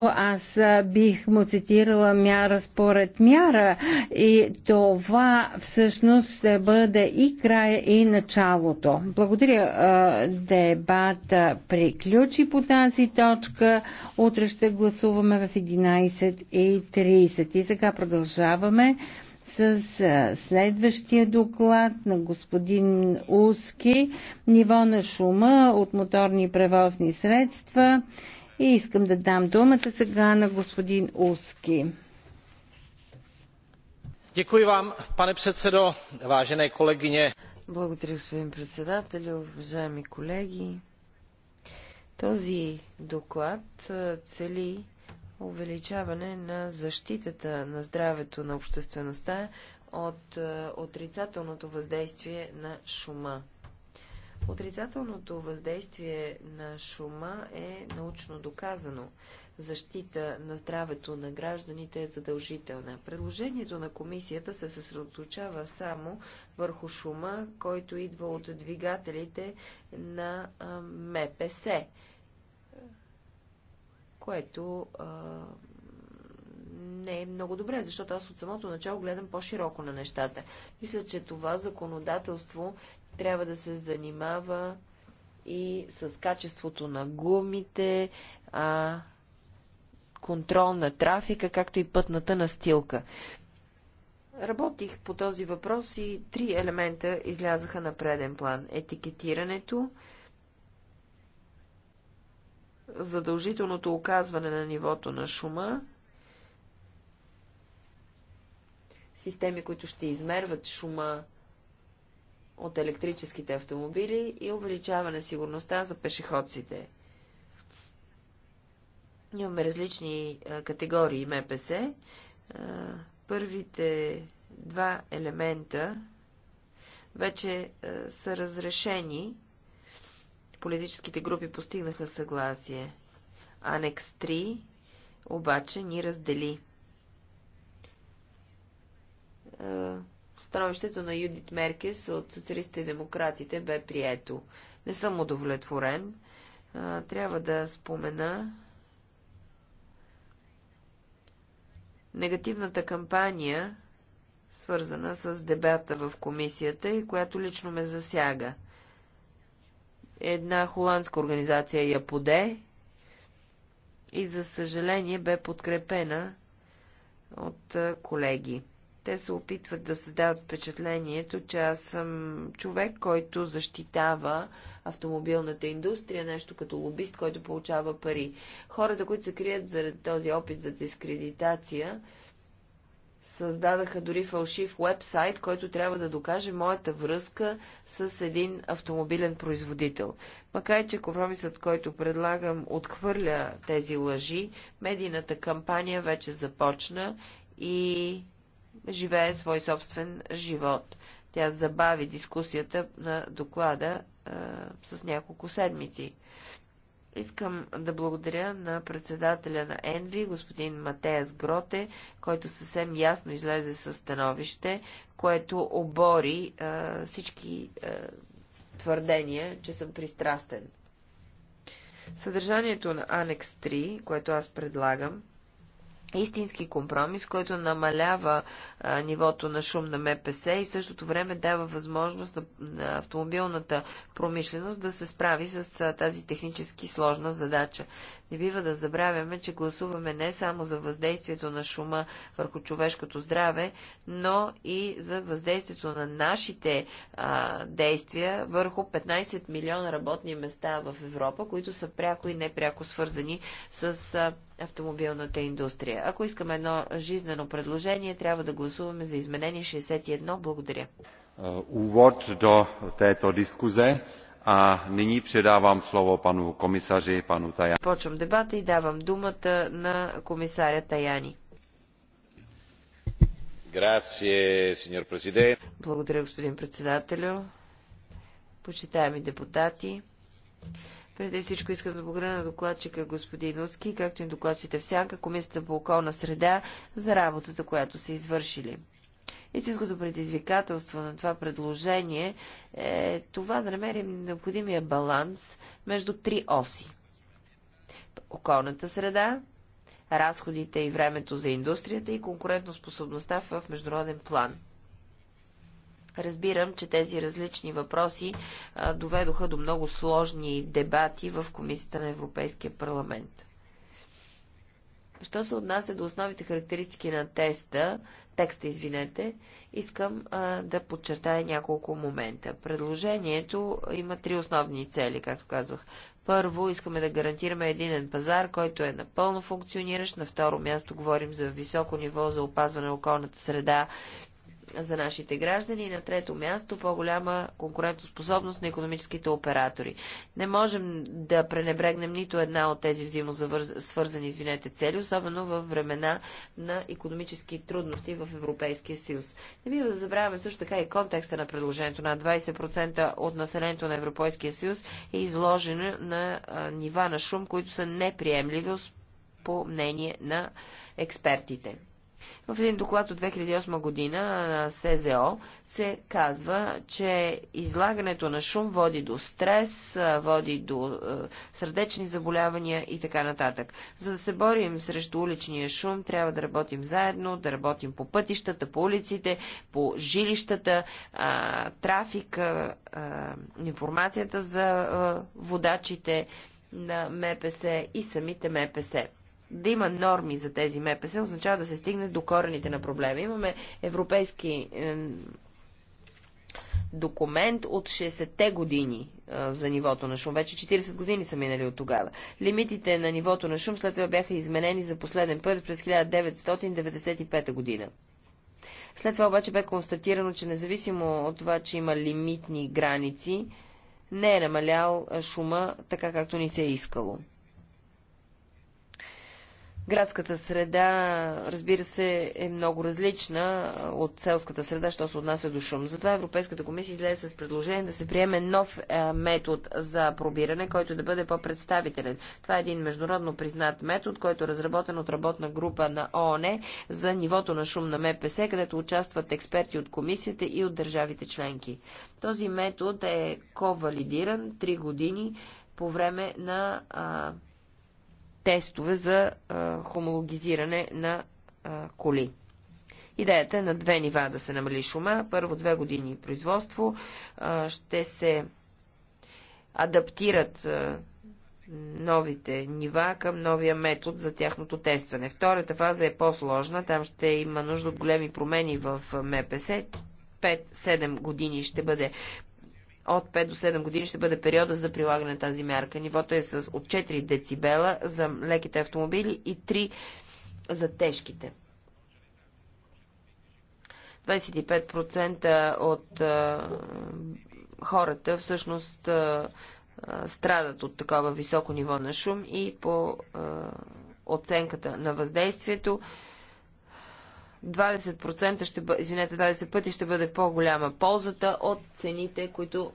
аз бих му цитирала мяра според мяра и това всъщност ще бъде и края и началото. Благодаря. Дебата приключи по тази точка. Утре ще гласуваме в 11.30. И сега продължаваме с следващия доклад на господин Уски. Ниво на шума от моторни превозни средства и искам да дам думата сега на господин Уски. Děkuji vám, pane předsedo, vážené kolegyně. Благодаря, господин председател, уважаеми колеги. Този доклад цели увеличаване на защитата на здравето на обществеността от отрицателното въздействие на шума. Отрицателното въздействие на шума е научно доказано. Защита на здравето на гражданите е задължителна. Предложението на комисията се съсредоточава само върху шума, който идва от двигателите на МПС, което не е много добре, защото аз от самото начало гледам по-широко на нещата. Мисля, че това законодателство трябва да се занимава и с качеството на гумите, а, контрол на трафика, както и пътната настилка. Работих по този въпрос и три елемента излязаха на преден план. Етикетирането, задължителното оказване на нивото на шума, системи, които ще измерват шума от електрическите автомобили и увеличаване сигурността за пешеходците. Имаме различни категории МПС. Първите два елемента вече са разрешени. Политическите групи постигнаха съгласие. Анекс 3 обаче ни раздели Становището на Юдит Меркес от социалистите и демократите бе прието. Не съм удовлетворен. Трябва да спомена негативната кампания, свързана с дебата в комисията и която лично ме засяга. Една холандска организация я поде и за съжаление бе подкрепена от колеги. Те се опитват да създават впечатлението, че аз съм човек, който защитава автомобилната индустрия, нещо като лобист, който получава пари. Хората, които се крият заради този опит за дискредитация, създадаха дори фалшив вебсайт, който трябва да докаже моята връзка с един автомобилен производител. Макар че компромисът, който предлагам, отхвърля тези лъжи, медийната кампания вече започна и живее свой собствен живот. Тя забави дискусията на доклада а, с няколко седмици. Искам да благодаря на председателя на Енви, господин Матеас Гроте, който съвсем ясно излезе със становище, което обори а, всички а, твърдения, че съм пристрастен. Съдържанието на Анекс 3, което аз предлагам, истински компромис, който намалява а, нивото на шум на МПС и в същото време дава възможност на, на автомобилната промишленост да се справи с а, тази технически сложна задача. Не бива да забравяме, че гласуваме не само за въздействието на шума върху човешкото здраве, но и за въздействието на нашите а, действия върху 15 милиона работни места в Европа, които са пряко и непряко свързани с а, автомобилната индустрия. Ако искаме едно жизнено предложение, трябва да гласуваме за изменение 61. Благодаря. Увод до тето дискузе. А nyní предавам слово пану комисаři, пану Таяни. Почвам дебата и давам думата на комисаря Таяни. Благодаря, господин председателю. Почитаеми депутати, преди всичко искам да благодаря на докладчика господин Уски, както и докладчите в Сянка, Комисията по околна среда, за работата, която са извършили. Истинското предизвикателство на това предложение е това да намерим необходимия баланс между три оси. Околната среда, разходите и времето за индустрията и конкурентоспособността в международен план. Разбирам, че тези различни въпроси а, доведоха до много сложни дебати в Комисията на Европейския парламент. Що се отнася до основните характеристики на теста, текста, извинете, искам а, да подчертая няколко момента. Предложението има три основни цели, както казвах. Първо, искаме да гарантираме единен пазар, който е напълно функциониращ. На второ място говорим за високо ниво за опазване на околната среда за нашите граждани и на трето място по-голяма конкурентоспособност на економическите оператори. Не можем да пренебрегнем нито една от тези взаимосвързани извинете, цели, особено в времена на економически трудности в Европейския съюз. Не бива да забравяме също така и контекста на предложението. На 20% от населението на Европейския съюз е изложено на нива на шум, които са неприемливи по мнение на експертите. В един доклад от 2008 година на СЗО се казва, че излагането на шум води до стрес, води до сърдечни заболявания и така нататък. За да се борим срещу уличния шум, трябва да работим заедно, да работим по пътищата, по улиците, по жилищата, трафика, информацията за водачите на МПС и самите МПС да има норми за тези МПС, означава да се стигне до корените на проблема. Имаме европейски е, документ от 60-те години а, е, за нивото на шум. Вече 40 години са минали от тогава. Лимитите на нивото на шум след това бяха изменени за последен път през 1995 година. След това обаче бе констатирано, че независимо от това, че има лимитни граници, не е намалял е, шума така, както ни се е искало. Градската среда, разбира се, е много различна от селската среда, що се отнася до шум. Затова Европейската комисия излезе с предложение да се приеме нов е, метод за пробиране, който да бъде по-представителен. Това е един международно признат метод, който е разработен от работна група на ООН за нивото на шум на МПС, където участват експерти от комисията и от държавите членки. Този метод е ковалидиран 3 години по време на а, тестове за а, хомологизиране на а, коли. Идеята е на две нива да се намали шума. Първо две години производство а, ще се адаптират а, новите нива към новия метод за тяхното тестване. Втората фаза е по-сложна. Там ще има нужда от големи промени в МПС. 5-7 години ще бъде от 5 до 7 години ще бъде периода за прилагане на тази мярка. Нивото е с от 4 децибела за леките автомобили и 3 за тежките. 25% от а, хората всъщност а, а, страдат от такова високо ниво на шум и по а, оценката на въздействието а, 20% ще бъ... извинете, 20 пъти ще бъде по-голяма ползата от цените, които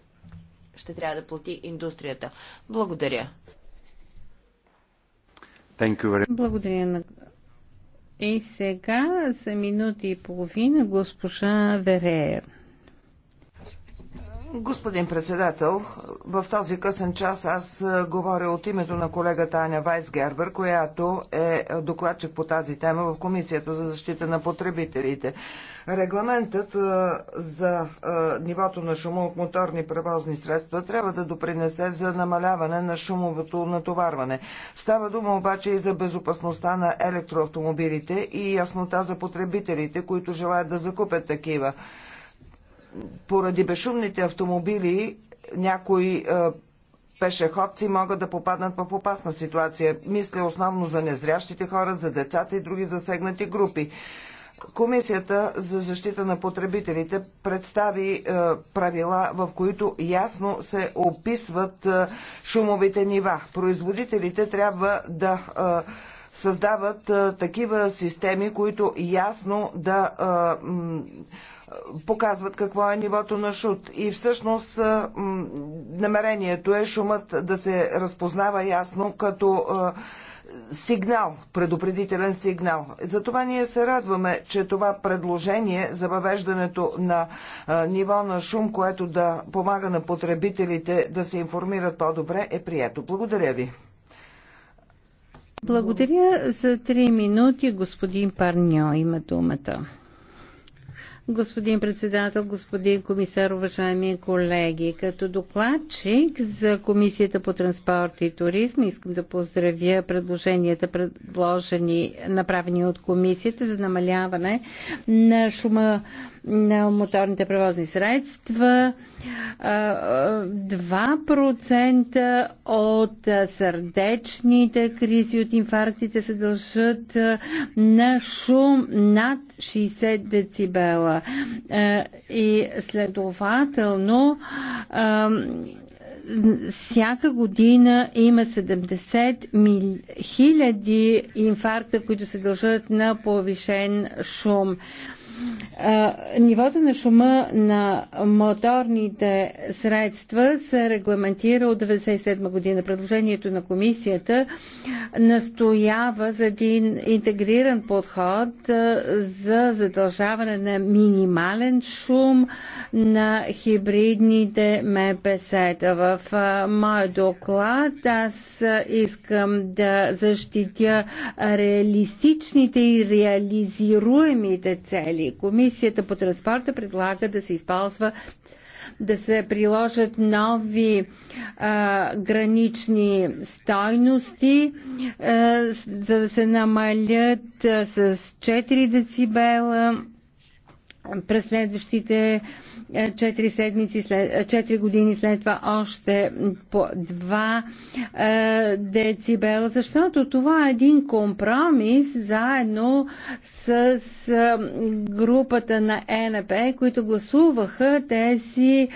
ще трябва да плати индустрията. Благодаря. Благодаря на и сега за минути и половина госпожа Вереер. Господин председател, в този късен час аз е, говоря от името на колегата Аня Вайсгербер, която е докладчик по тази тема в Комисията за защита на потребителите. Регламентът е, за е, нивото на шума от моторни превозни средства трябва да допринесе за намаляване на шумовото натоварване. Става дума обаче и за безопасността на електроавтомобилите и яснота за потребителите, които желаят да закупят такива поради безшумните автомобили някои е, пешеходци могат да попаднат в опасна ситуация. Мисля основно за незрящите хора, за децата и други засегнати групи. Комисията за защита на потребителите представи е, правила, в които ясно се описват е, шумовите нива. Производителите трябва да е, създават е, такива системи, които ясно да е, показват какво е нивото на шут. И всъщност намерението е шумът да се разпознава ясно като сигнал, предупредителен сигнал. Затова ние се радваме, че това предложение за въвеждането на а, ниво на шум, което да помага на потребителите да се информират по-добре, е прието. Благодаря ви. Благодаря за три минути. Господин Парньо има думата господин председател, господин комисар, уважаеми колеги. Като докладчик за Комисията по транспорт и туризм искам да поздравя предложенията, предложени, направени от Комисията за намаляване на шума на моторните превозни средства, 2% от сърдечните кризи, от инфарктите се дължат на шум над 60 децибела. И следователно всяка година има 70 мил... хиляди инфаркта, които се дължат на повишен шум. Нивото на шума на моторните средства се регламентира от 1997 година. Предложението на комисията настоява за един интегриран подход за задължаване на минимален шум на хибридните МПС-та. В моя доклад аз искам да защитя реалистичните и реализируемите цели цели. Комисията по транспорта предлага да се използва да се приложат нови а, гранични стойности, а, за да се намалят а, с 4 децибела през следващите а, 4 седмици след, 4 години след това още по 2 е, децибела, защото това е един компромис заедно с групата на е НП, които гласуваха тези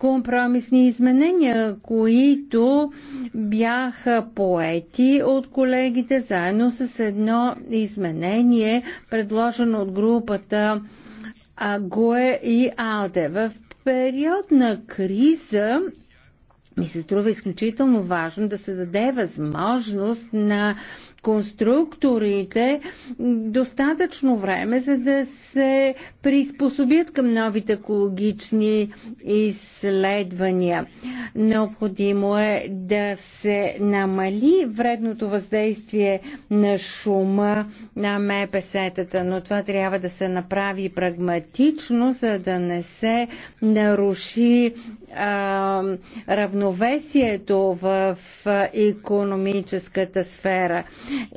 компромисни изменения, които бяха поети от колегите, заедно с едно изменение, предложено от групата ГОЕ и АЛДЕ. В период на криза ми се струва изключително важно да се даде възможност на конструкторите достатъчно време, за да се приспособят към новите екологични изследвания. Необходимо е да се намали вредното въздействие на шума на МПС-тата, но това трябва да се направи прагматично, за да не се наруши а, равновесието в економическата сфера.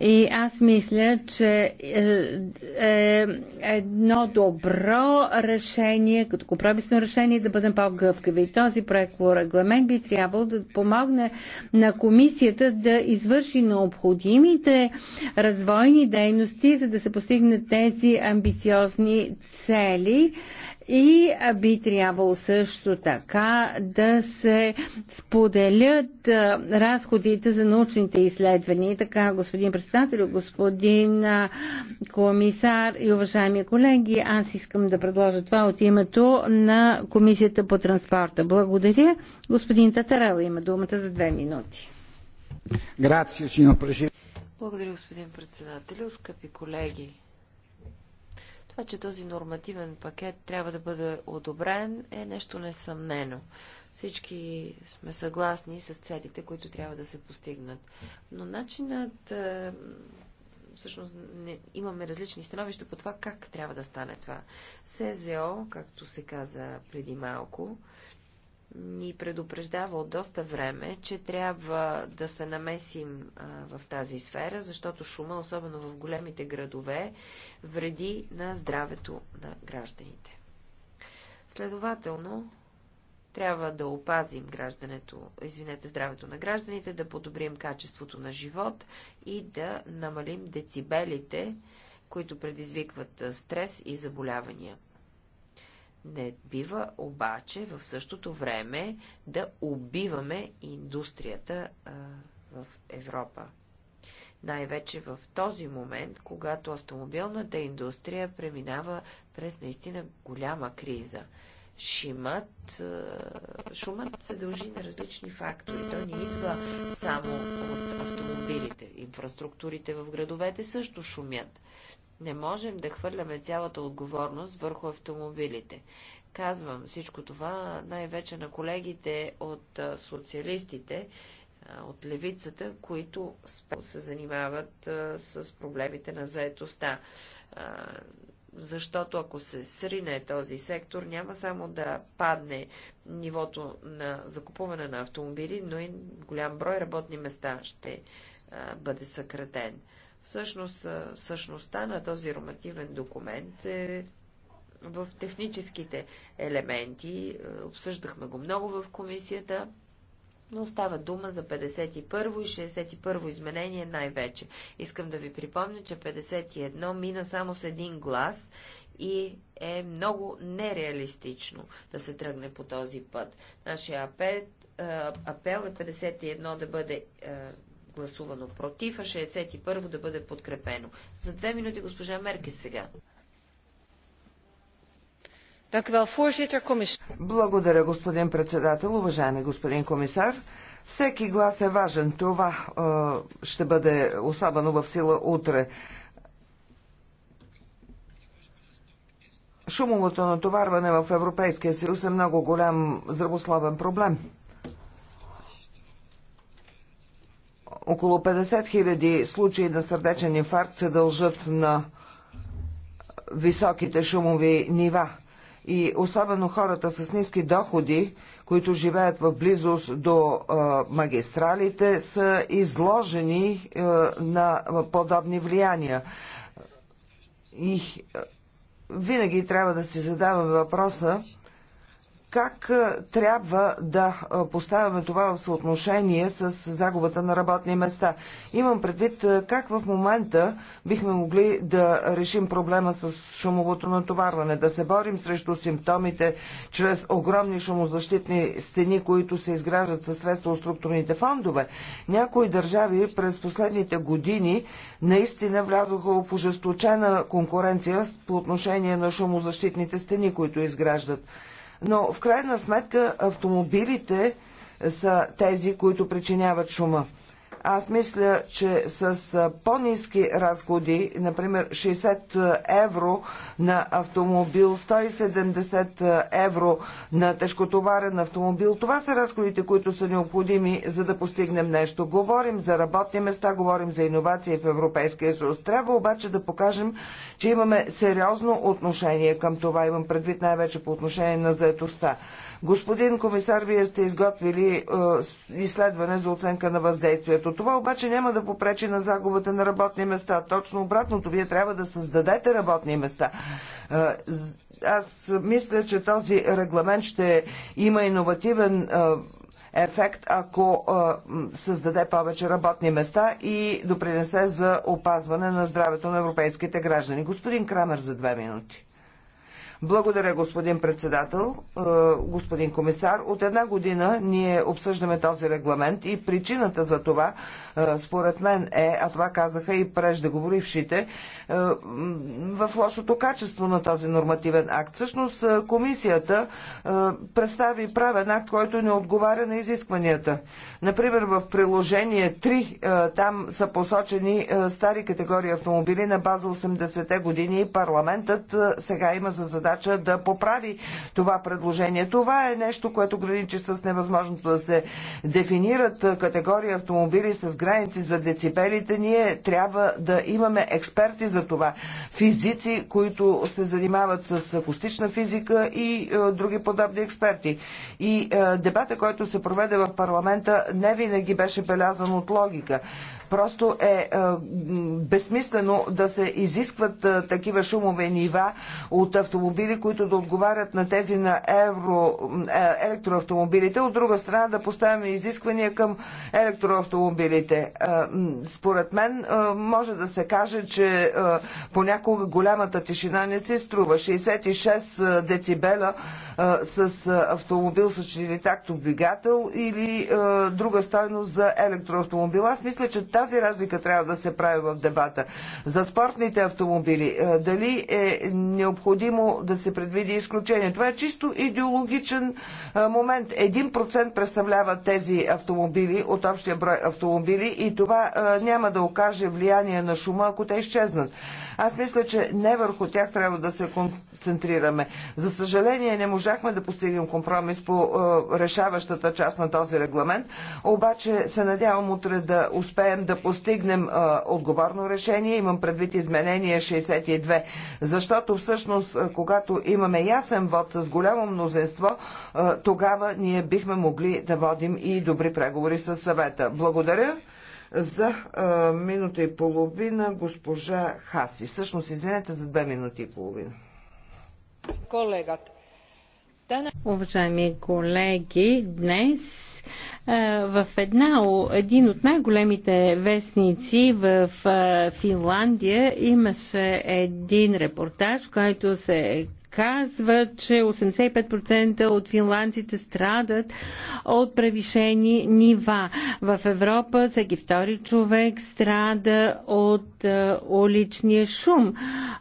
И аз мисля, че е, е едно добро решение, като компромисно решение да бъдем по-гъвкави. Този проект регламент би трябвало да помогне на комисията да извърши необходимите развойни дейности, за да се постигнат тези амбициозни цели. И би трябвало също така да се споделят разходите за научните изследвания. така, господин председател, господин комисар и уважаеми колеги, аз искам да предложа това от името на Комисията по транспорта. Благодаря. Господин Татарел има думата за две минути. Благодаря, господин председател. Скъпи колеги, това, че този нормативен пакет трябва да бъде одобрен, е нещо несъмнено. Всички сме съгласни с целите, които трябва да се постигнат. Но начинът е, всъщност не, имаме различни становища по това как трябва да стане това. СЗО, е както се каза преди малко, ни предупреждава от доста време, че трябва да се намесим а, в тази сфера, защото шума, особено в големите градове, вреди на здравето на гражданите. Следователно, трябва да опазим граждането, извинете, здравето на гражданите, да подобрим качеството на живот и да намалим децибелите, които предизвикват стрес и заболявания. Не бива обаче в същото време да убиваме индустрията а, в Европа. Най-вече в този момент, когато автомобилната индустрия преминава през наистина голяма криза. Шимът, шумът се дължи на различни фактори. Той не идва само от автомобилите. Инфраструктурите в градовете също шумят. Не можем да хвърляме цялата отговорност върху автомобилите. Казвам всичко това най-вече на колегите от социалистите, от левицата, които се занимават с проблемите на заетостта. защото ако се срине този сектор, няма само да падне нивото на закупуване на автомобили, но и голям брой работни места ще бъде съкратен. Всъщност, същността на този ромативен документ е в техническите елементи. Е, обсъждахме го много в комисията, но става дума за 51 и 61 во изменение най-вече. Искам да ви припомня, че 51 мина само с един глас и е много нереалистично да се тръгне по този път. Нашия апел, апел е 51 да бъде гласувано против, а 61 да бъде подкрепено. За две минути госпожа Мерке сега. Благодаря, господин председател, уважаеми господин комисар. Всеки глас е важен. Това е, ще бъде особено в сила утре. Шумовото натоварване в Европейския съюз е много голям здравословен проблем. около 50 000 случаи на сърдечен инфаркт се дължат на високите шумови нива. И особено хората с ниски доходи, които живеят в близост до а, магистралите, са изложени а, на подобни влияния. И а, винаги трябва да си задаваме въпроса как трябва да поставяме това в съотношение с загубата на работни места. Имам предвид как в момента бихме могли да решим проблема с шумовото натоварване, да се борим срещу симптомите чрез огромни шумозащитни стени, които се изграждат със средства от структурните фондове. Някои държави през последните години наистина влязоха в ожесточена конкуренция по отношение на шумозащитните стени, които изграждат но в крайна сметка автомобилите са тези, които причиняват шума. Аз мисля, че с по-низки разходи, например 60 евро на автомобил, 170 евро на тежкотоварен автомобил, това са разходите, които са необходими, за да постигнем нещо. Говорим за работни места, говорим за иновации в Европейския съюз. Трябва обаче да покажем, че имаме сериозно отношение към това. Имам предвид най-вече по отношение на заетостта. Господин комисар, вие сте изготвили е, изследване за оценка на въздействието. Това обаче няма да попречи на загубата на работни места. Точно обратното, вие трябва да създадете работни места. Е, аз мисля, че този регламент ще има иновативен е, ефект, ако е, създаде повече работни места и допринесе за опазване на здравето на европейските граждани. Господин Крамер за две минути. Благодаря, господин председател, е, господин комисар. От една година ние обсъждаме този регламент и причината за това, е, според мен, е, а това казаха и преждеговорившите, е, в лошото качество на този нормативен акт. Всъщност, комисията представи правен акт, който не отговаря на изискванията. Например, в приложение 3 там са посочени стари категории автомобили на база 80-те години и парламентът сега има за задача задача да поправи това предложение. Това е нещо, което граничи с невъзможното да се дефинират категории автомобили с граници за децибелите. Ние трябва да имаме експерти за това. Физици, които се занимават с акустична физика и е, други подобни експерти. И е, дебата, който се проведе в парламента, не винаги беше белязан от логика. Просто е, е безсмислено да се изискват е, такива шумове нива от автомобили, които да отговарят на тези на евро, е, електроавтомобилите. От друга страна да поставяме изисквания към електроавтомобилите. Според мен може да се каже, че понякога голямата тишина не се струва. 66 децибела с автомобил с такто двигател или друга стойност за електроавтомобил. Аз мисля, че тази тази разлика трябва да се прави в дебата. За спортните автомобили, е, дали е необходимо да се предвиди изключение? Това е чисто идеологичен е, момент. Един процент представляват тези автомобили от общия брой автомобили и това е, няма да окаже влияние на шума, ако те изчезнат. Аз мисля, че не върху тях трябва да се концентрираме. За съжаление, не можахме да постигнем компромис по е, решаващата част на този регламент, обаче се надявам утре да успеем да постигнем е, отговорно решение. Имам предвид изменение 62, защото всъщност, е, когато имаме ясен вод с голямо мнозинство, тогава ние бихме могли да водим и добри преговори с съвета. Благодаря. За а, минута и половина госпожа Хаси. Всъщност, извинете за две минути и половина. Колегата. Уважаеми колеги, днес в една, един от най-големите вестници в Финландия имаше един репортаж, който се казва, че 85% от финландците страдат от превишени нива. В Европа всеки втори човек страда от е, уличния шум.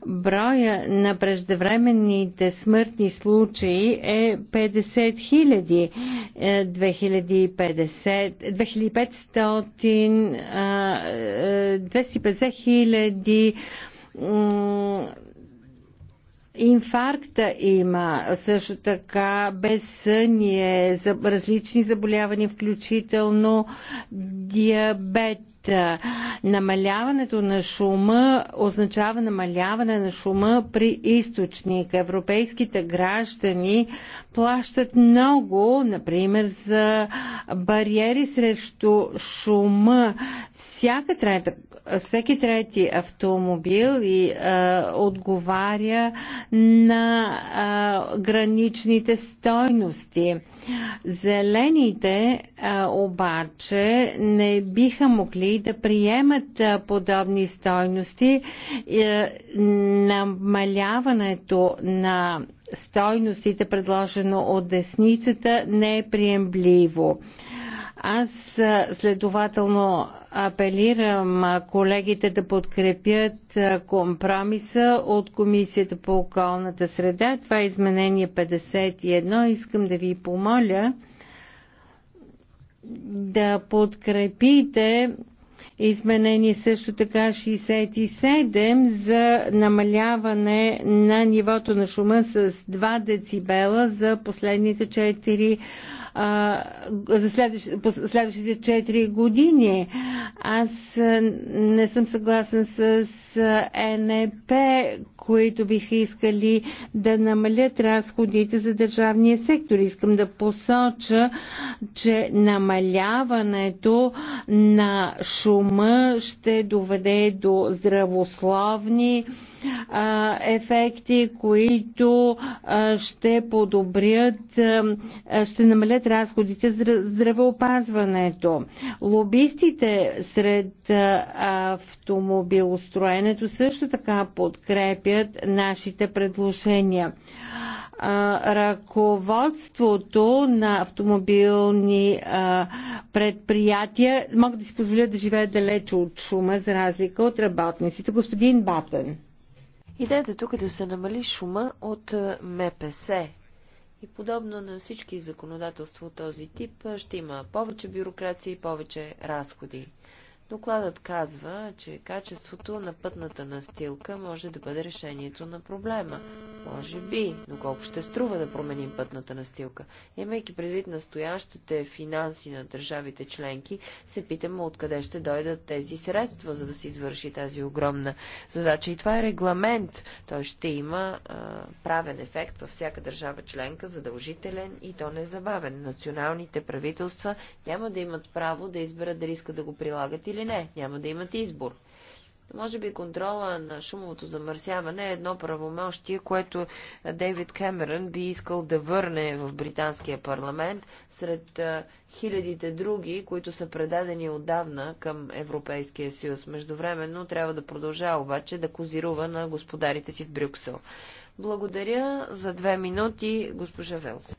Броя на преждевременните смъртни случаи е 50 хиляди. 2500 е, 250 хиляди Инфаркта има също така безсъние, различни заболявания, включително диабет Намаляването на шума означава намаляване на шума при източника. Европейските граждани плащат много, например, за бариери срещу шума. Всяка трета, всеки трети автомобил и а, отговаря на а, граничните стойности. Зелените а, обаче не биха могли и да приемат подобни стойности, е, намаляването на стойностите, предложено от десницата, не е приемливо. Аз следователно апелирам колегите да подкрепят компромиса от Комисията по околната среда. Това е изменение 51. Искам да ви помоля да подкрепите Изменение също така 67 за намаляване на нивото на шума с 2 децибела за последните 4 за следващ, следващите 4 години. Аз не съм съгласен с НЕП, които биха искали да намалят разходите за държавния сектор. Искам да посоча, че намаляването на шума ще доведе до здравословни а, ефекти, които а, ще подобрят, а, ще намалят разходите за здравеопазването. Лобистите сред автомобилостроенето също така подкрепят нашите предложения ръководството на автомобилни предприятия могат да си позволят да живеят далече от шума, за разлика от работниците. Господин Батен. Идеята тук е да се намали шума от е, МПС. И подобно на всички законодателства от този тип, е, ще има повече бюрокрация и повече разходи. Докладът казва, че качеството на пътната настилка може да бъде решението на проблема. Може би, но колко ще струва да променим пътната настилка? Имайки предвид настоящите финанси на държавите членки, се питаме откъде ще дойдат тези средства, за да се извърши тази огромна задача. И това е регламент. Той ще има а, правен ефект във всяка държава членка, задължителен и то незабавен. Националните правителства няма да имат право да изберат дали искат да го прилагат или не. Няма да имат избор. Може би контрола на шумовото замърсяване е едно правомощие, което Дейвид Кемерън би искал да върне в британския парламент сред хилядите други, които са предадени отдавна към Европейския съюз. Междувременно трябва да продължава обаче да козирува на господарите си в Брюксел. Благодаря за две минути, госпожа Велс.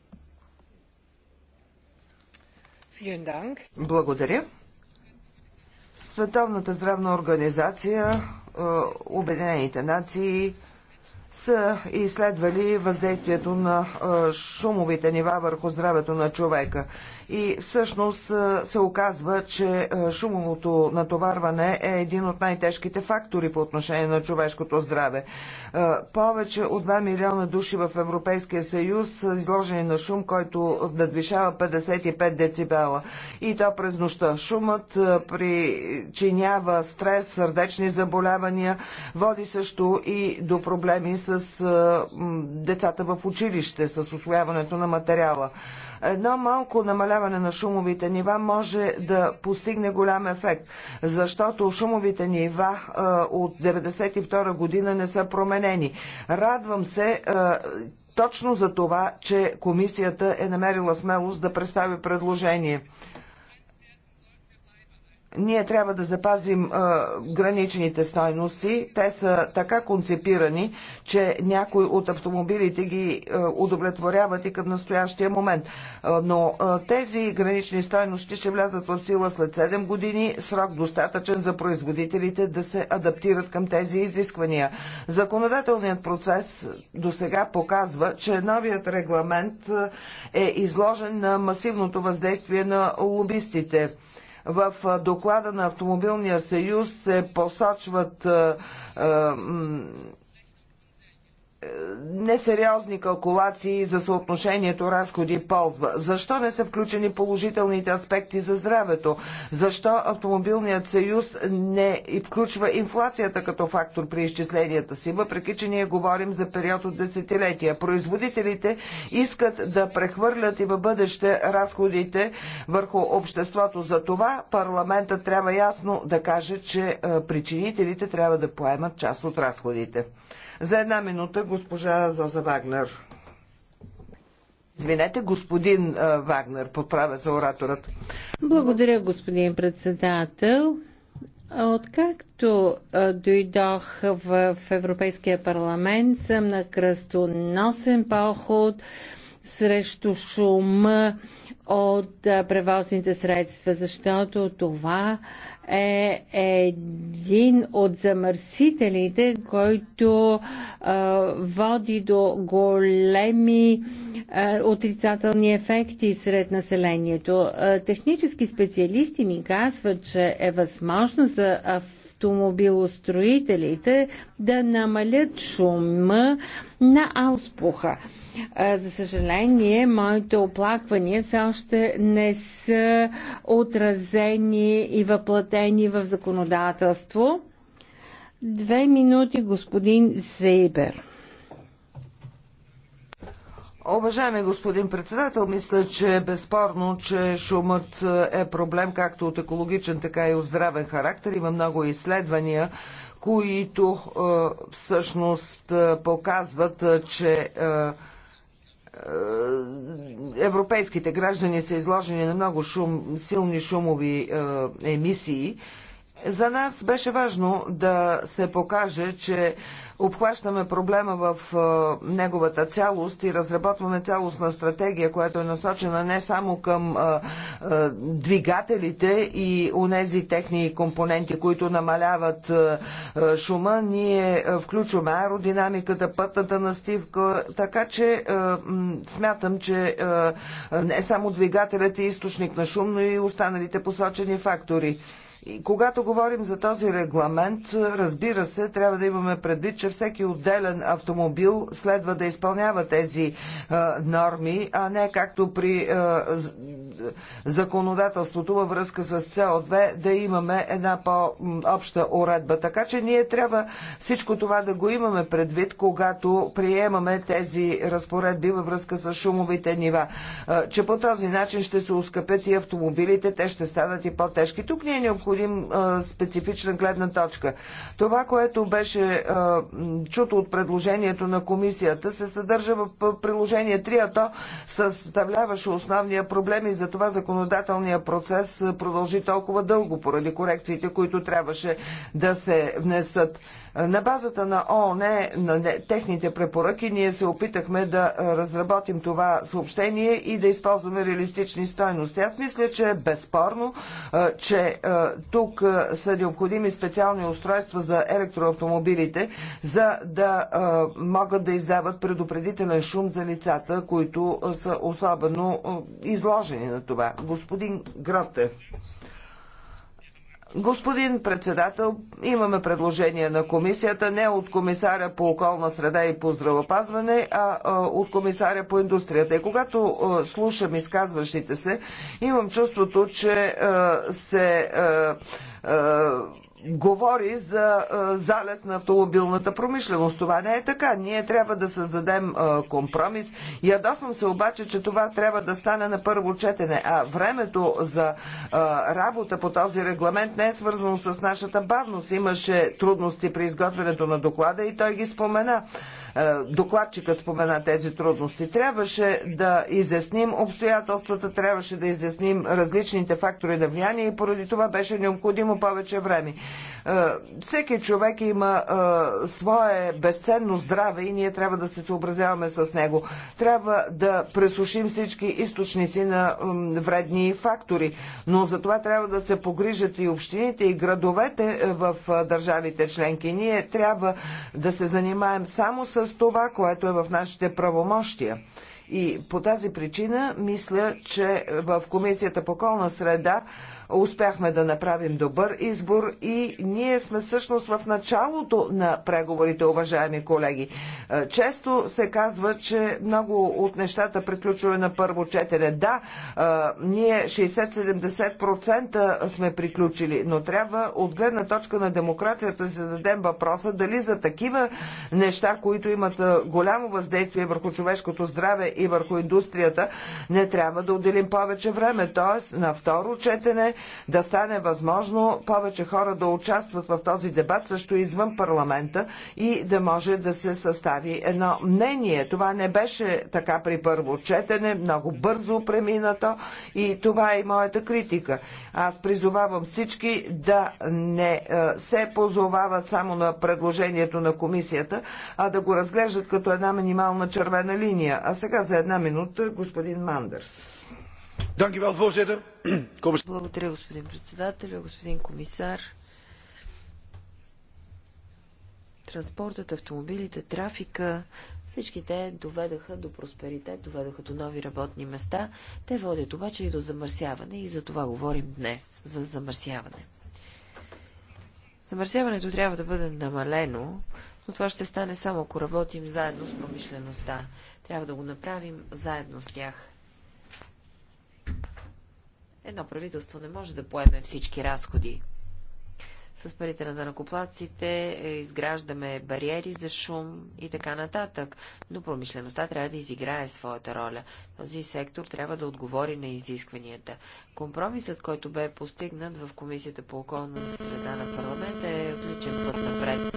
Благодаря. Световната здравна организация, е, Обединените нации са изследвали въздействието на е, шумовите нива върху здравето на човека и всъщност се оказва, че шумовото натоварване е един от най-тежките фактори по отношение на човешкото здраве. Повече от 2 милиона души в Европейския съюз са изложени на шум, който надвишава 55 децибела. И то през нощта. Шумът причинява стрес, сърдечни заболявания, води също и до проблеми с децата в училище, с освояването на материала. Едно малко намаляване намаляване на шумовите нива може да постигне голям ефект, защото шумовите нива от 1992 година не са променени. Радвам се, точно за това, че комисията е намерила смелост да представи предложение ние трябва да запазим а, граничните стойности. Те са така концепирани, че някои от автомобилите ги а, удовлетворяват и към настоящия момент. А, но а, тези гранични стойности ще влязат в сила след 7 години, срок достатъчен за производителите да се адаптират към тези изисквания. Законодателният процес до сега показва, че новият регламент е изложен на масивното въздействие на лобистите. В доклада на Автомобилния съюз се посочват несериозни калкулации за съотношението разходи-ползва? Защо не са включени положителните аспекти за здравето? Защо Автомобилният съюз не включва инфлацията като фактор при изчисленията си, въпреки че ние говорим за период от десетилетия? Производителите искат да прехвърлят и в бъдеще разходите върху обществото. За това парламентът трябва ясно да каже, че причинителите трябва да поемат част от разходите. За една минута госпожа Зоза Вагнер. Извинете, господин Вагнер, подправя за ораторът. Благодаря, господин председател. Откакто дойдох в Европейския парламент, съм на кръстоносен поход срещу шума от превозните средства, защото това е един от замърсителите, който а, води до големи а, отрицателни ефекти сред населението. А, технически специалисти ми казват, че е възможно за автомобилостроителите да намалят шума на ауспуха. За съжаление, моите оплаквания все още не са отразени и въплатени в законодателство. Две минути, господин Зейбер. Уважаеми господин председател, мисля, че е безспорно, че шумът е проблем както от екологичен, така и от здравен характер. Има много изследвания, които е, всъщност е, показват, е, че европейските граждани са изложени на много шум, силни шумови емисии. За нас беше важно да се покаже, че обхващаме проблема в неговата цялост и разработваме цялостна стратегия, която е насочена не само към двигателите и нези техни компоненти, които намаляват шума, ние включваме аеродинамиката, пътната настивка, така че смятам, че не само двигателят е източник на шум, но и останалите посочени фактори. И когато говорим за този регламент, разбира се, трябва да имаме предвид, че всеки отделен автомобил следва да изпълнява тези е, норми, а не както при е, законодателството във връзка с со 2 да имаме една по-обща уредба. Така че ние трябва всичко това да го имаме предвид, когато приемаме тези разпоредби във връзка с шумовите нива. Е, че по този начин ще се ускъпят и автомобилите, те ще станат и по-тежки. Тук не е необходимо необходим специфична гледна точка. Това, което беше чуто от предложението на комисията, се съдържа в приложение 3, а то съставляваше основния проблем и за това законодателния процес продължи толкова дълго поради корекциите, които трябваше да се внесат. На базата на ООН, на техните препоръки, ние се опитахме да разработим това съобщение и да използваме реалистични стойности. Аз мисля, че е безспорно, че тук са необходими специални устройства за електроавтомобилите, за да могат да издават предупредителен шум за лицата, които са особено изложени на това. Господин Гроте. Господин председател, имаме предложение на комисията, не от комисаря по околна среда и по здравопазване, а от комисаря по индустрията. И когато слушам изказващите се, имам чувството, че се говори за залез на автомобилната промишленост. Това не е така. Ние трябва да създадем компромис. Ядосвам се обаче, че това трябва да стане на първо четене, а времето за работа по този регламент не е свързано с нашата бавност. Имаше трудности при изготвянето на доклада и той ги спомена. Е, докладчикът спомена тези трудности. Трябваше да изясним обстоятелствата, трябваше да изясним различните фактори на влияние и поради това беше необходимо повече време. Е, всеки човек има е, свое безценно здраве и ние трябва да се съобразяваме с него. Трябва да пресушим всички източници на вредни фактори, но за това трябва да се погрижат и общините, и градовете е, в държавите членки. Ние трябва да се занимаем само с това, което е в нашите правомощия. И по тази причина мисля, че в Комисията по околна среда успяхме да направим добър избор и ние сме всъщност в началото на преговорите, уважаеми колеги. Е, често се казва, че много от нещата приключваме на първо четене. Да, е, ние 60-70% сме приключили, но трябва от гледна точка на демокрацията да се зададем въпроса дали за такива неща, които имат е, голямо въздействие върху човешкото здраве и върху индустрията, не трябва да отделим повече време. Тоест, на второ четене да стане възможно повече хора да участват в този дебат също извън парламента и да може да се състави едно мнение. Това не беше така при първо четене, много бързо преминато, и това е и моята критика. Аз призовавам всички да не е, се позовават само на предложението на комисията, а да го разглеждат като една минимална червена линия. А сега за една минута господин Мандърс. Благодаря, господин председател, господин комисар. Транспортът, автомобилите, трафика, всички те доведаха до просперитет, доведаха до нови работни места. Те водят обаче и до замърсяване и за това говорим днес, за замърсяване. Замърсяването трябва да бъде намалено, но това ще стане само ако работим заедно с промишлеността. Трябва да го направим заедно с тях. Едно правителство не може да поеме всички разходи. С парите на данакоплаците е, изграждаме бариери за шум и така нататък, но промишлеността трябва да изиграе своята роля. Този сектор трябва да отговори на изискванията. Компромисът, който бе постигнат в Комисията по околна среда на парламента е отличен път напред.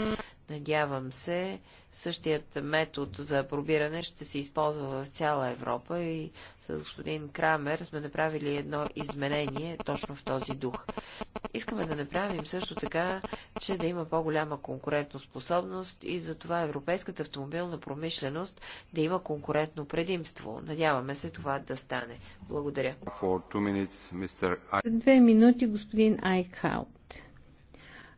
Надявам се, същият метод за пробиране ще се използва в цяла Европа и с господин Крамер сме направили едно изменение точно в този дух. Искаме да направим също така, че да има по-голяма конкурентоспособност и за това европейската автомобилна промишленост да има конкурентно предимство. Надяваме се това да стане. Благодаря. Две минути, господин Айкхаут.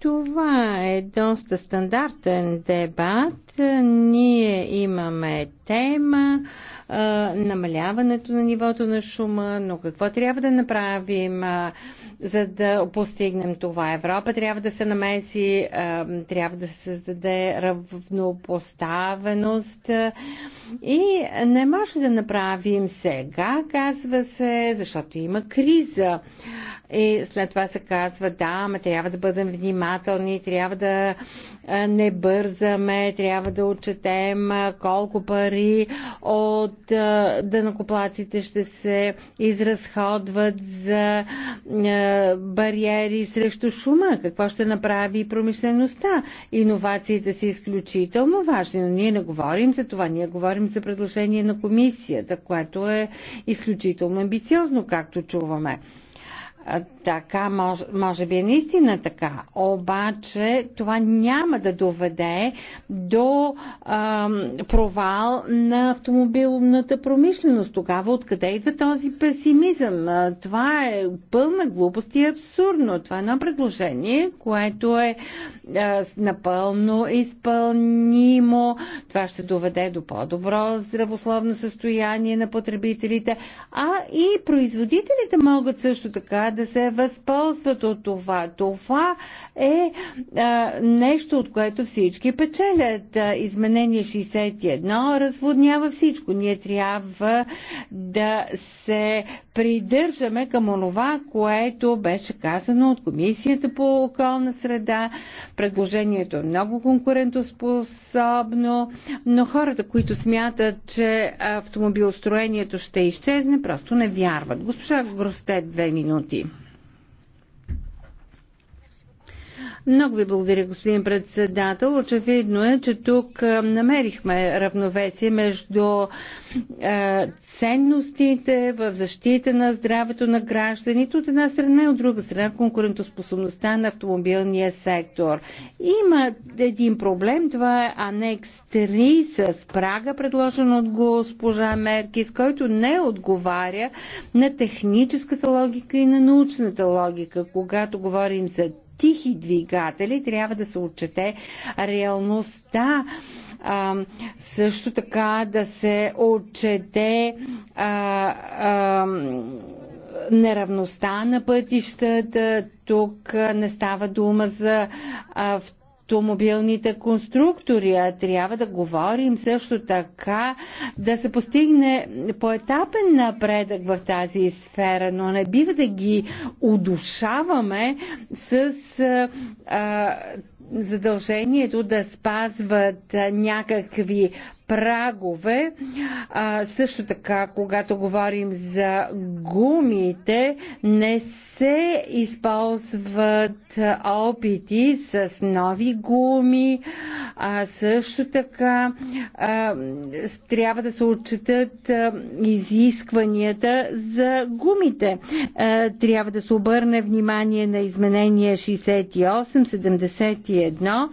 Това е доста стандартен дебат. Ние имаме тема а, намаляването на нивото на шума, но какво трябва да направим, а, за да постигнем това? Европа трябва да се намеси, а, трябва да се създаде равнопоставеност и не може да направим сега, казва се, защото има криза. И след това се казва, да, ма трябва да бъдем внимателни внимателни, трябва да не бързаме, трябва да отчетем колко пари от дънакоплаците ще се изразходват за бариери срещу шума, какво ще направи промишлеността. Иновациите са изключително важни, но ние не говорим за това, ние говорим за предложение на комисията, което е изключително амбициозно, както чуваме. Така, може, може би е наистина така, обаче това няма да доведе до а, провал на автомобилната промишленост. Тогава откъде идва този песимизъм? Това е пълна глупост и абсурдно. Това е едно предложение, което е а, напълно изпълнимо. Това ще доведе до по-добро здравословно състояние на потребителите, а и производителите могат също така да се възползват от това. Това е а, нещо, от което всички печелят. Изменение 61 разводнява всичко. Ние трябва да се придържаме към онова, което беше казано от Комисията по околна среда. Предложението е много конкурентоспособно, но хората, които смятат, че автомобилостроението ще изчезне, просто не вярват. Госпожа Гросте, две минути. Много ви благодаря, господин председател. Очевидно е, че тук намерихме равновесие между ценностите в защита на здравето на гражданите от една страна и от друга страна конкурентоспособността на автомобилния сектор. Има един проблем, това е анекс 3 с прага, предложен от госпожа Меркис, който не отговаря на техническата логика и на научната логика. Когато говорим за тихи двигатели, трябва да се отчете реалността. А, също така да се отчете а, а, неравността на пътищата. Тук не става дума за в автомобилните конструктори, а трябва да говорим също така да се постигне поетапен напредък в тази сфера, но не бива да ги удушаваме с а, задължението да спазват някакви прагове. А, също така, когато говорим за гумите, не се използват опити с нови гуми. А, също така, а, трябва да се отчитат изискванията за гумите. А, трябва да се обърне внимание на изменение 68, 71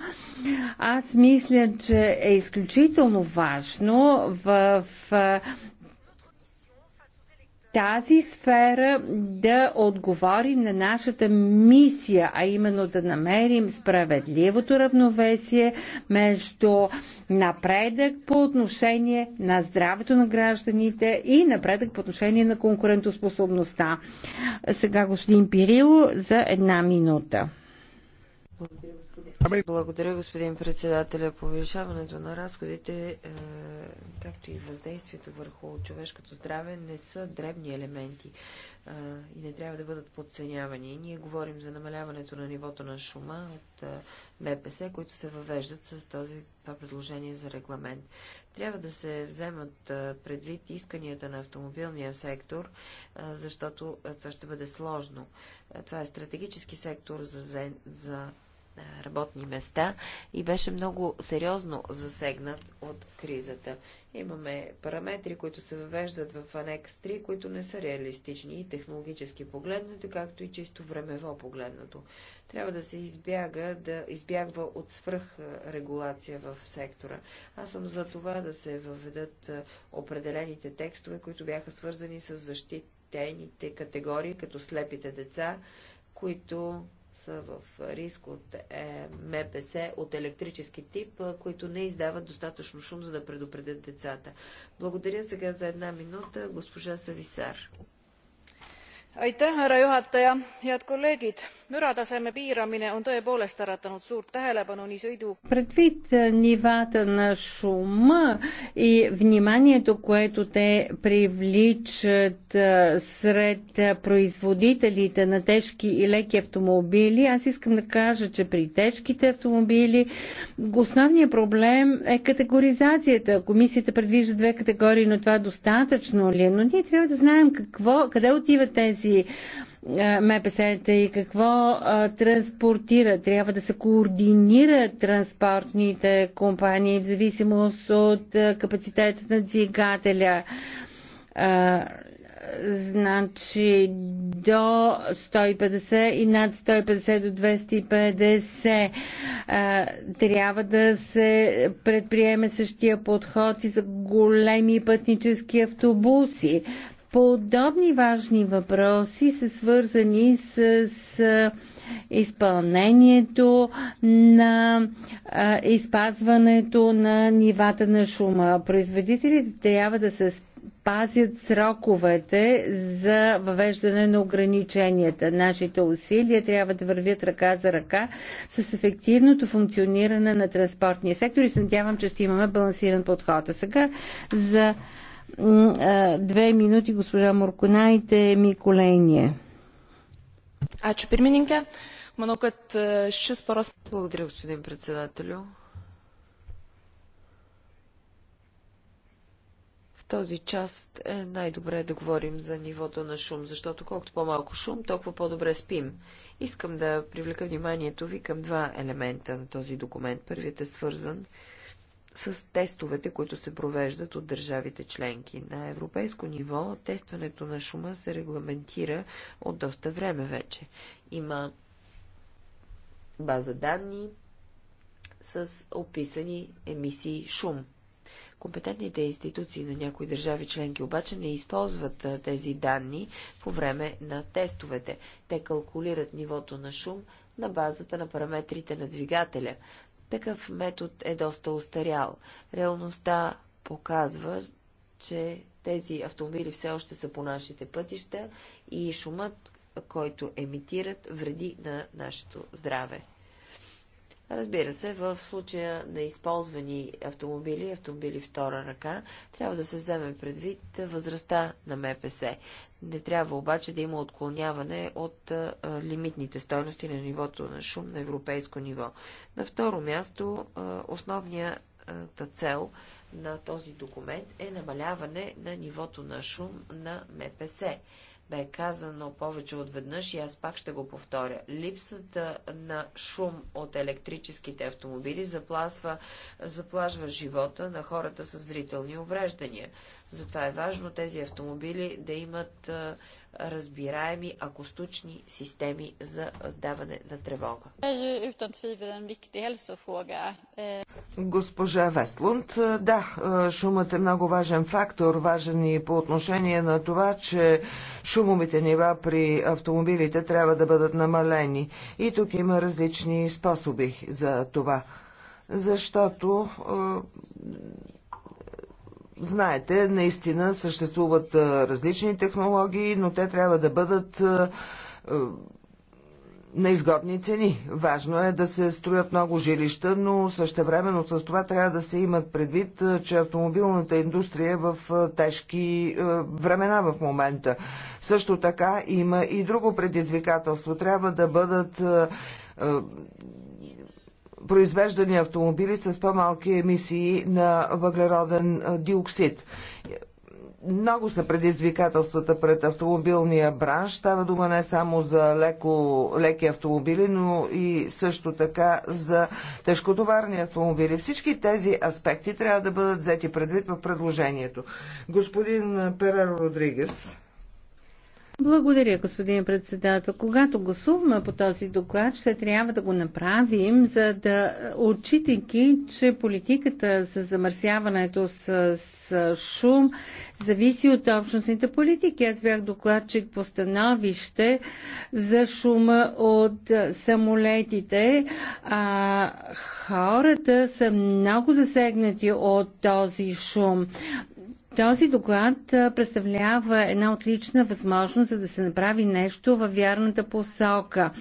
аз мисля, че е изключително важно в тази сфера да отговорим на нашата мисия, а именно да намерим справедливото равновесие между напредък по отношение на здравето на гражданите и напредък по отношение на конкурентоспособността. Сега господин Пирило за една минута. Благодаря, Ами- Благодаря, господин председателя. Повишаването на разходите, е, както и въздействието върху човешкото здраве, не са дребни елементи е, и не трябва да бъдат подценявани. Ние говорим за намаляването на нивото на шума от е, МПС, които се въвеждат с този, това предложение за регламент. Трябва да се вземат предвид исканията на автомобилния сектор, защото това ще бъде сложно. Това е стратегически сектор за, за работни места и беше много сериозно засегнат от кризата. Имаме параметри, които се въвеждат в анекс 3, които не са реалистични и технологически погледнато, както и чисто времево погледнато. Трябва да се избяга, да избягва от свръхрегулация в сектора. Аз съм за това да се въведат определените текстове, които бяха свързани с защитените категории, като слепите деца, които са в риск от е, МПС, от електрически тип, които не издават достатъчно шум, за да предупредят децата. Благодаря сега за една минута, госпожа Сависар härra juhataja head kolleegid mürataseme piiramine on tõepoolest äratanud suurt tähelepanu nii sõidu Предвид нивата на шума и вниманието, което те привличат сред производителите на тежки и леки автомобили, аз искам да кажа, че при тежките автомобили основният проблем е категоризацията. Комисията предвижда две категории, но това е достатъчно ли е? Но ние трябва да знаем какво, къде отиват тези си е, МПС-та и какво е, транспортира. Трябва да се координират транспортните компании в зависимост от е, капацитета на двигателя значи до 150 и над 150 до 250 а, трябва да се предприеме същия подход и за големи пътнически автобуси. Подобни важни въпроси са свързани с, с изпълнението на а, изпазването на нивата на шума. Производителите трябва да се пазят сроковете за въвеждане на ограниченията. Нашите усилия трябва да вървят ръка за ръка с ефективното функциониране на транспортния сектор и се надявам, че ще имаме балансиран подход. А сега за Две минути госпожа Морконайте Миколение. Ačiū pirmininkė. Manau, kad šis paros. Благодаря, господин председателю. В този част е най-добре да говорим за нивото на шум, защото колкото по-малко шум, толкова по-добре спим. Искам да привлека вниманието ви към два елемента на този документ. Първият е свързан с с тестовете, които се провеждат от държавите членки. На европейско ниво тестването на шума се регламентира от доста време вече. Има база данни с описани емисии шум. Компетентните институции на някои държави членки обаче не използват тези данни по време на тестовете. Те калкулират нивото на шум на базата на параметрите на двигателя, такъв метод е доста устарял. Реалността показва, че тези автомобили все още са по нашите пътища и шумът, който емитират, вреди на нашето здраве. Разбира се, в случая на използвани автомобили, автомобили втора ръка, трябва да се вземе предвид възрастта на МПС. Не трябва обаче да има отклоняване от а, лимитните стойности на нивото на шум на европейско ниво. На второ място, а, цел на този документ е намаляване на нивото на шум на МПС бе казано повече от веднъж и аз пак ще го повторя. Липсата на шум от електрическите автомобили запласва, заплажва живота на хората с зрителни увреждания. Затова е важно тези автомобили да имат разбираеми акустични системи за даване на тревога. Е, е, е, Госпожа Веслунд, да, шумът е много важен фактор, важен и по отношение на това, че шумовите нива при автомобилите трябва да бъдат намалени. И тук има различни способи за това. Защото знаете, наистина съществуват различни технологии, но те трябва да бъдат на изгодни цени. Важно е да се строят много жилища, но същевременно с това трябва да се имат предвид, че автомобилната индустрия е в тежки времена в момента. Също така има и друго предизвикателство. Трябва да бъдат произвеждани автомобили с по-малки емисии на въглероден диоксид. Много са предизвикателствата пред автомобилния бранш. Става дума не само за леко, леки автомобили, но и също така за тежкотоварни автомобили. Всички тези аспекти трябва да бъдат взети предвид в предложението. Господин Переро Родригес. Благодаря, господин председател. Когато гласуваме по този доклад, ще трябва да го направим, за да отчитайки, че политиката за замърсяването с, с шум зависи от общностните политики. Аз бях докладчик по становище за шума от самолетите. А, хората са много засегнати от този шум. Този доклад представлява една отлична възможност за да се направи нещо във вярната посока.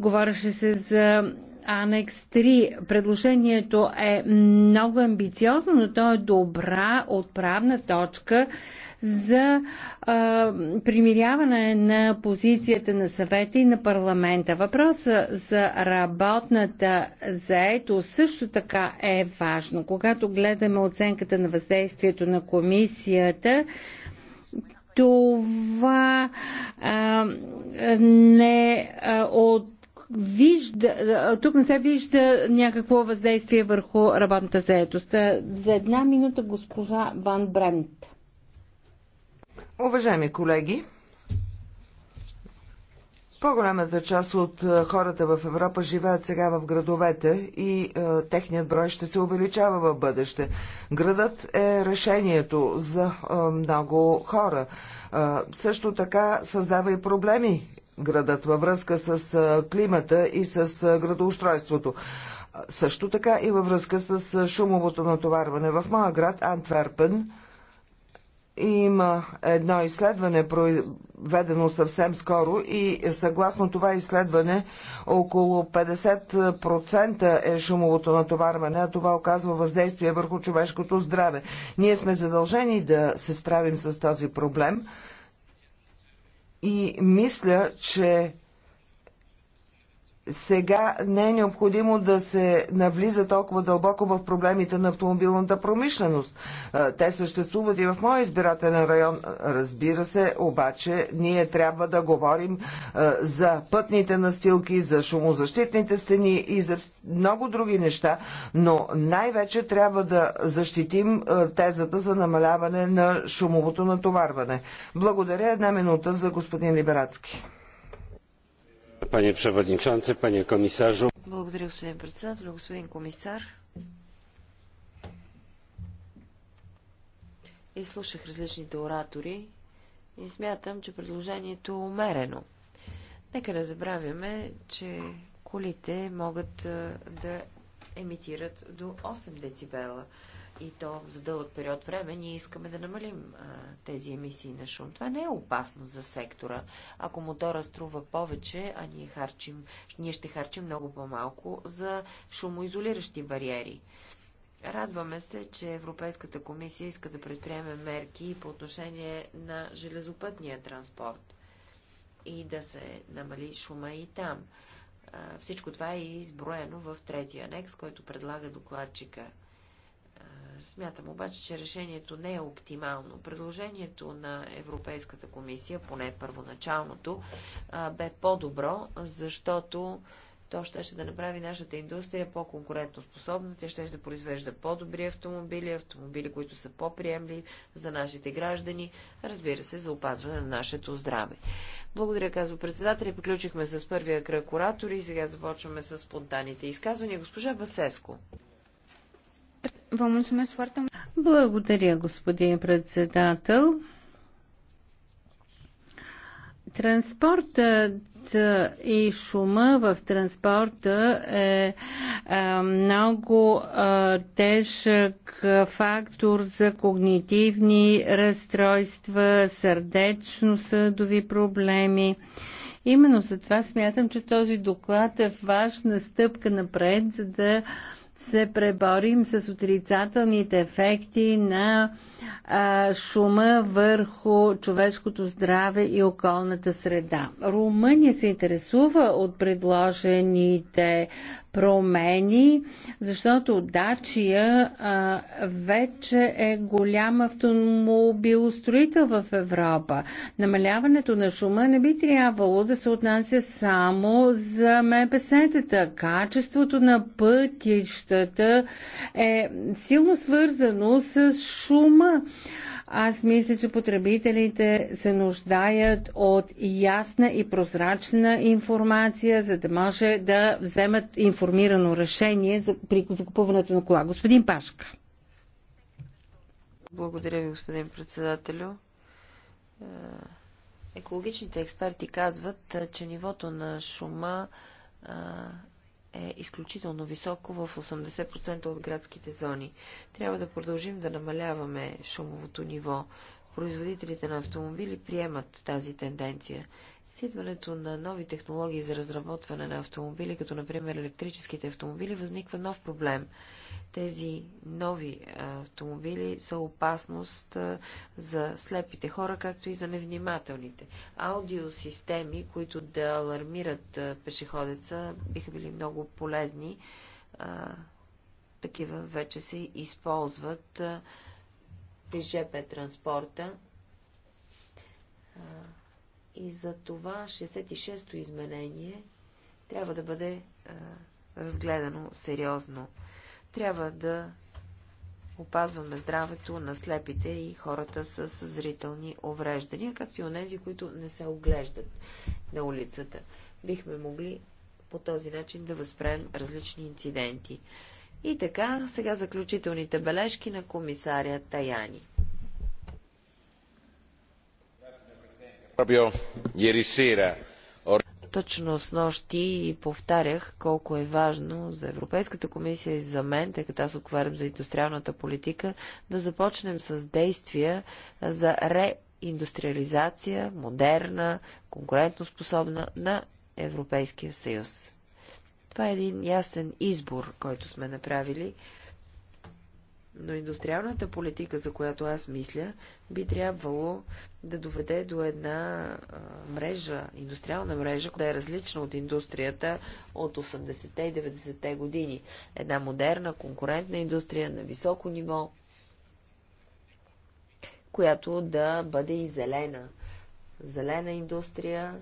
Говореше се за Анекс 3. Предложението е много амбициозно, но то е добра отправна точка за а, примиряване на позицията на съвета и на парламента. Въпроса за работната заето също така е важно. Когато гледаме оценката на въздействието на комисията, това а, не а, от вижда, тук не се вижда някакво въздействие върху работната заедост. За една минута госпожа Ван Брент. Уважаеми колеги, по-голямата част от е, хората в Европа живеят сега в градовете и е, техният брой ще се увеличава в бъдеще. Градът е решението за е, много хора. Е, също така създава и проблеми градът във връзка с е, климата и с е, градоустройството. Също така и във връзка с е, шумовото натоварване в моя град Антверпен – има едно изследване, проведено съвсем скоро и съгласно това изследване около 50% е шумовото натоварване, а това оказва въздействие върху човешкото здраве. Ние сме задължени да се справим с този проблем и мисля, че сега не е необходимо да се навлиза толкова дълбоко в проблемите на автомобилната промишленост. Те съществуват и в моя избирателен район. Разбира се, обаче ние трябва да говорим за пътните настилки, за шумозащитните стени и за много други неща, но най-вече трябва да защитим тезата за намаляване на шумовото натоварване. Благодаря една минута за господин Либерацки. Panie przewodniczący, panie komisarzu. Благодаря, господин председател, господин комисар. Изслушах различните оратори и смятам, че предложението е умерено. Нека не забравяме, че колите могат да емитират до 8 децибела и то за дълъг период време, ние искаме да намалим а, тези емисии на шум. Това не е опасно за сектора. Ако мотора струва повече, а ние, харчим, ние ще харчим много по-малко за шумоизолиращи бариери. Радваме се, че Европейската комисия иска да предприеме мерки по отношение на железопътния транспорт и да се намали шума и там. Всичко това е изброено в третия анекс, който предлага докладчика. Смятам обаче, че решението не е оптимално. Предложението на Европейската комисия, поне първоначалното, бе по-добро, защото то ще, ще да направи нашата индустрия по-конкурентно способна, тя ще, ще да произвежда по-добри автомобили, автомобили, които са по-приемли за нашите граждани, разбира се, за опазване на нашето здраве. Благодаря, казва И Приключихме с първия кръг оратори и сега започваме с спонтанните изказвания. Госпожа Басеско. Vă mulțumesc foarte mult. Благодаря, господин председател. Транспортът е, и шума в транспорта е, е много е, тежък фактор за когнитивни разстройства, сърдечно-съдови проблеми. Именно за това смятам, че този доклад е важна стъпка напред, за да се преборим с отрицателните ефекти на а, шума върху човешкото здраве и околната среда. Румъния се интересува от предложените промени, защото Дачия а, вече е голям автомобилостроител в Европа. Намаляването на шума не би трябвало да се отнася само за МПС-тата. Качеството на пътища пътищата е силно свързано с шума. Аз мисля, че потребителите се нуждаят от ясна и прозрачна информация, за да може да вземат информирано решение за, при закупуването на кола. Господин Пашка. Благодаря ви, господин председателю. Е, екологичните експерти казват, че нивото на шума е изключително високо в 80% от градските зони. Трябва да продължим да намаляваме шумовото ниво. Производителите на автомобили приемат тази тенденция. С идването на нови технологии за разработване на автомобили, като например електрическите автомобили, възниква нов проблем. Тези нови е, автомобили са опасност е, за слепите хора, както и за невнимателните. Аудиосистеми, които да алармират е, пешеходеца, биха били много полезни. Такива вече се използват при ЖП транспорта и за това 66-то изменение трябва да бъде а, разгледано сериозно. Трябва да опазваме здравето на слепите и хората с зрителни увреждания, както и онези, които не се оглеждат на улицата. Бихме могли по този начин да възпрем различни инциденти. И така, сега заключителните бележки на комисаря Таяни. Точно с нощи повтарях колко е важно за Европейската комисия и за мен, тъй като аз отговарям за индустриалната политика, да започнем с действия за реиндустриализация, модерна, конкурентоспособна на Европейския съюз. Това е един ясен избор, който сме направили но индустриалната политика, за която аз мисля, би трябвало да доведе до една а, мрежа, индустриална мрежа, която е различна от индустрията от 80-те и 90-те години. Една модерна, конкурентна индустрия на високо ниво, която да бъде и зелена. Зелена индустрия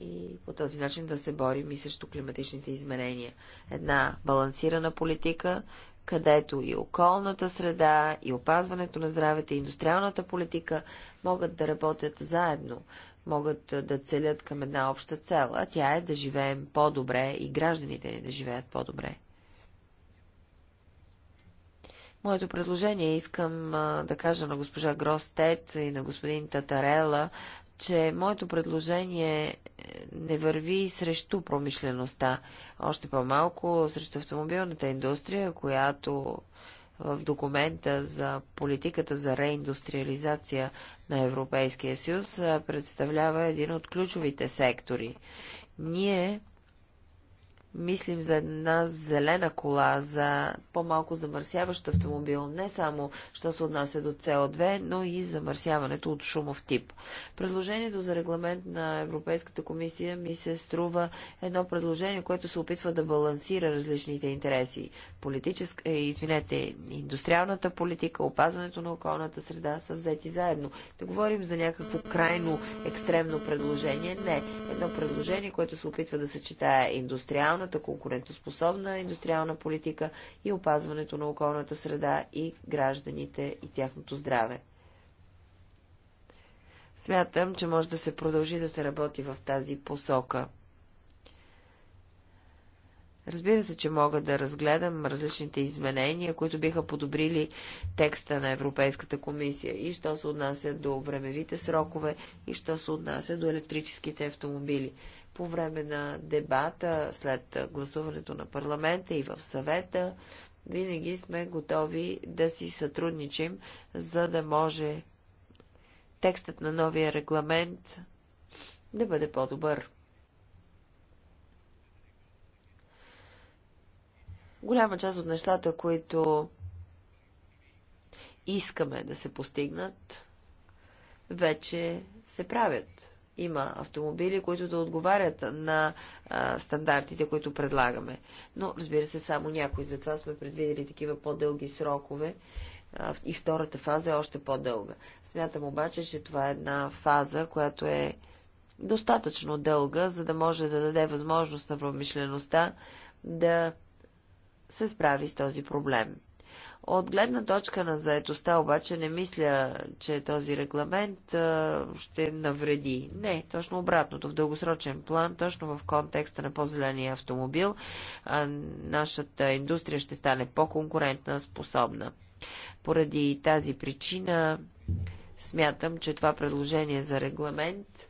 и по този начин да се борим и срещу климатичните изменения. Една балансирана политика, където и околната среда, и опазването на здравето, и индустриалната политика могат да работят заедно, могат да целят към една обща цел, а тя е да живеем по-добре и гражданите ни да живеят по-добре. Моето предложение искам да кажа на госпожа Гростет и на господин Татарела, че моето предложение е, не върви срещу промишлеността, още по-малко срещу автомобилната индустрия, която е, в документа за политиката за реиндустриализация на Европейския съюз е, представлява един от ключовите сектори. Ние мислим за една зелена кола, за по-малко замърсяващ автомобил, не само, що се отнася до CO2, но и замърсяването от шумов тип. Предложението за регламент на Европейската комисия ми се струва едно предложение, което се опитва да балансира различните интереси. Политическа, е, извинете, индустриалната политика, опазването на околната среда са взети заедно. Да говорим за някакво крайно екстремно предложение. Не. Едно предложение, което се опитва да съчетае индустриално социалната конкурентоспособна индустриална политика и опазването на околната среда и гражданите и тяхното здраве. Смятам, че може да се продължи да се работи в тази посока – Разбира се, че мога да разгледам различните изменения, които биха подобрили текста на Европейската комисия и що се отнася до времевите срокове и що се отнася до електрическите автомобили. По време на дебата, след гласуването на парламента и в съвета, винаги сме готови да си сътрудничим, за да може текстът на новия регламент да бъде по-добър. Голяма част от нещата, които искаме да се постигнат, вече се правят. Има автомобили, които да отговарят на а, стандартите, които предлагаме. Но, разбира се, само някои. Затова сме предвидели такива по-дълги срокове а, и втората фаза е още по-дълга. Смятам обаче, че това е една фаза, която е достатъчно дълга, за да може да даде възможност на промишлеността да се справи с този проблем. От гледна точка на заетостта обаче не мисля, че този регламент а, ще навреди. Не, точно обратното. В дългосрочен план, точно в контекста на по-зеления автомобил, а, нашата индустрия ще стане по-конкурентна, способна. Поради тази причина смятам, че това предложение за регламент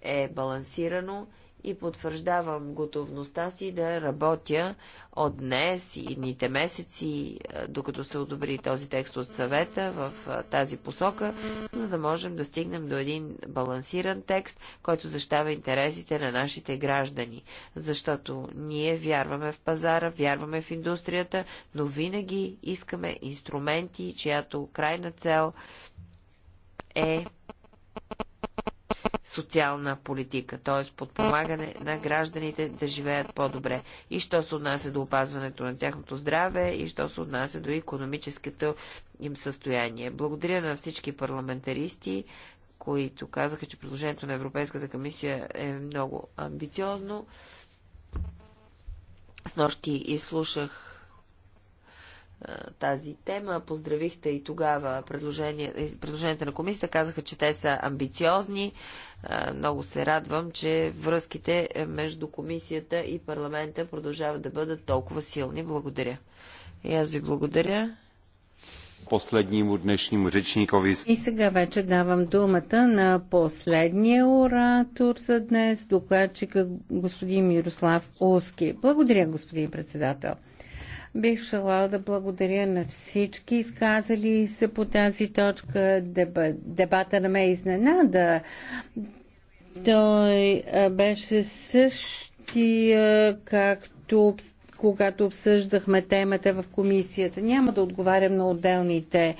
е балансирано и потвърждавам готовността си да работя от днес и дните месеци, е, докато се одобри този текст от съвета в е, тази посока, за да можем да стигнем до един балансиран текст, който защава интересите на нашите граждани. Защото ние вярваме в пазара, вярваме в индустрията, но винаги искаме инструменти, чиято крайна цел е социална политика, т.е. подпомагане на гражданите да живеят по-добре. И що се отнася до опазването на тяхното здраве, и що се отнася до економическото им състояние. Благодаря на всички парламентаристи, които казаха, че предложението на Европейската комисия е много амбициозно. С нощи изслушах тази тема. Поздравихте и тогава предложения, предложенията на комисията. Казаха, че те са амбициозни. Много се радвам, че връзките между комисията и парламента продължават да бъдат толкова силни. Благодаря. И аз ви благодаря. Последниему днешнему речникови. И сега вече давам думата на последния оратор за днес, докладчика господин Мирослав Уски. Благодаря, господин председател. Бих желала да благодаря на всички изказали се по тази точка. Дебата на ме изненада. Той беше същия, както когато обсъждахме темата в комисията. Няма да отговарям на отделните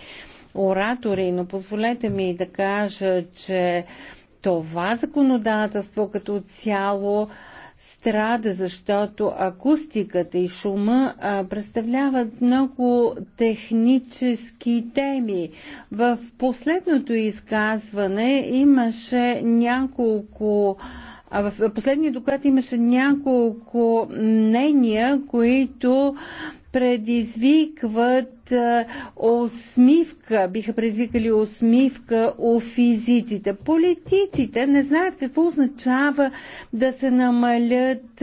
оратори, но позволете ми да кажа, че това законодателство като цяло страда, защото акустиката и шума а, представляват много технически теми. В последното изказване имаше няколко а в последния доклад имаше няколко мнения, които предизвикват усмивка, биха предизвикали усмивка у физиците. Политиците не знаят какво означава да се намалят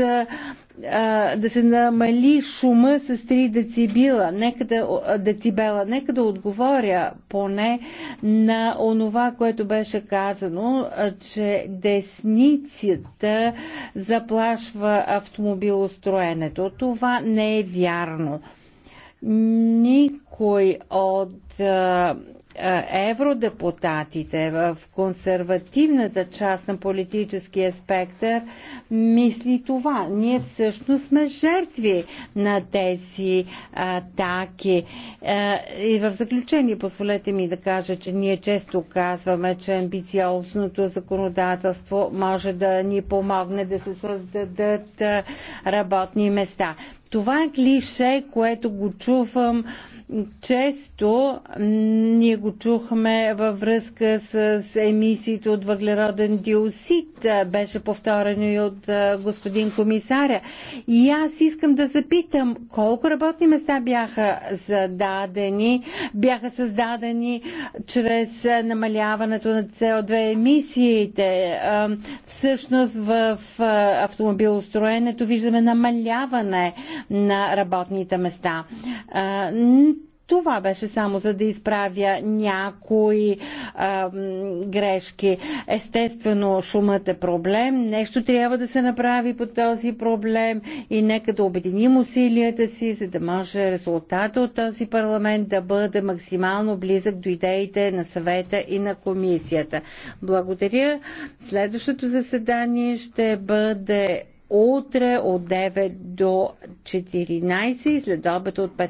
да се намали шума с 3 децибела. Нека да, децибела. Нека да отговоря поне на онова, което беше казано, че десницията заплашва автомобилостроенето. Това не е вярно никой от а, е, евродепутатите в консервативната част на политическия спектър мисли това. Ние всъщност сме жертви на тези е, атаки. Е, и в заключение, позволете ми да кажа, че ние често казваме, че амбициозното законодателство може да ни помогне да се създадат работни места. Това е клише, което го чувам често ние го чухме във връзка с емисиите от въглероден диоксид, беше повторено и от господин комисаря. И аз искам да запитам колко работни места бяха зададени, бяха създадени чрез намаляването на CO2 емисиите. Всъщност в автомобилостроенето виждаме намаляване на работните места това беше само за да изправя някои а, грешки. Естествено, шумът е проблем. Нещо трябва да се направи по този проблем и нека да обединим усилията си, за да може резултата от този парламент да бъде максимално близък до идеите на съвета и на комисията. Благодаря. Следващото заседание ще бъде утре от 9 до 14 и след обед от 15.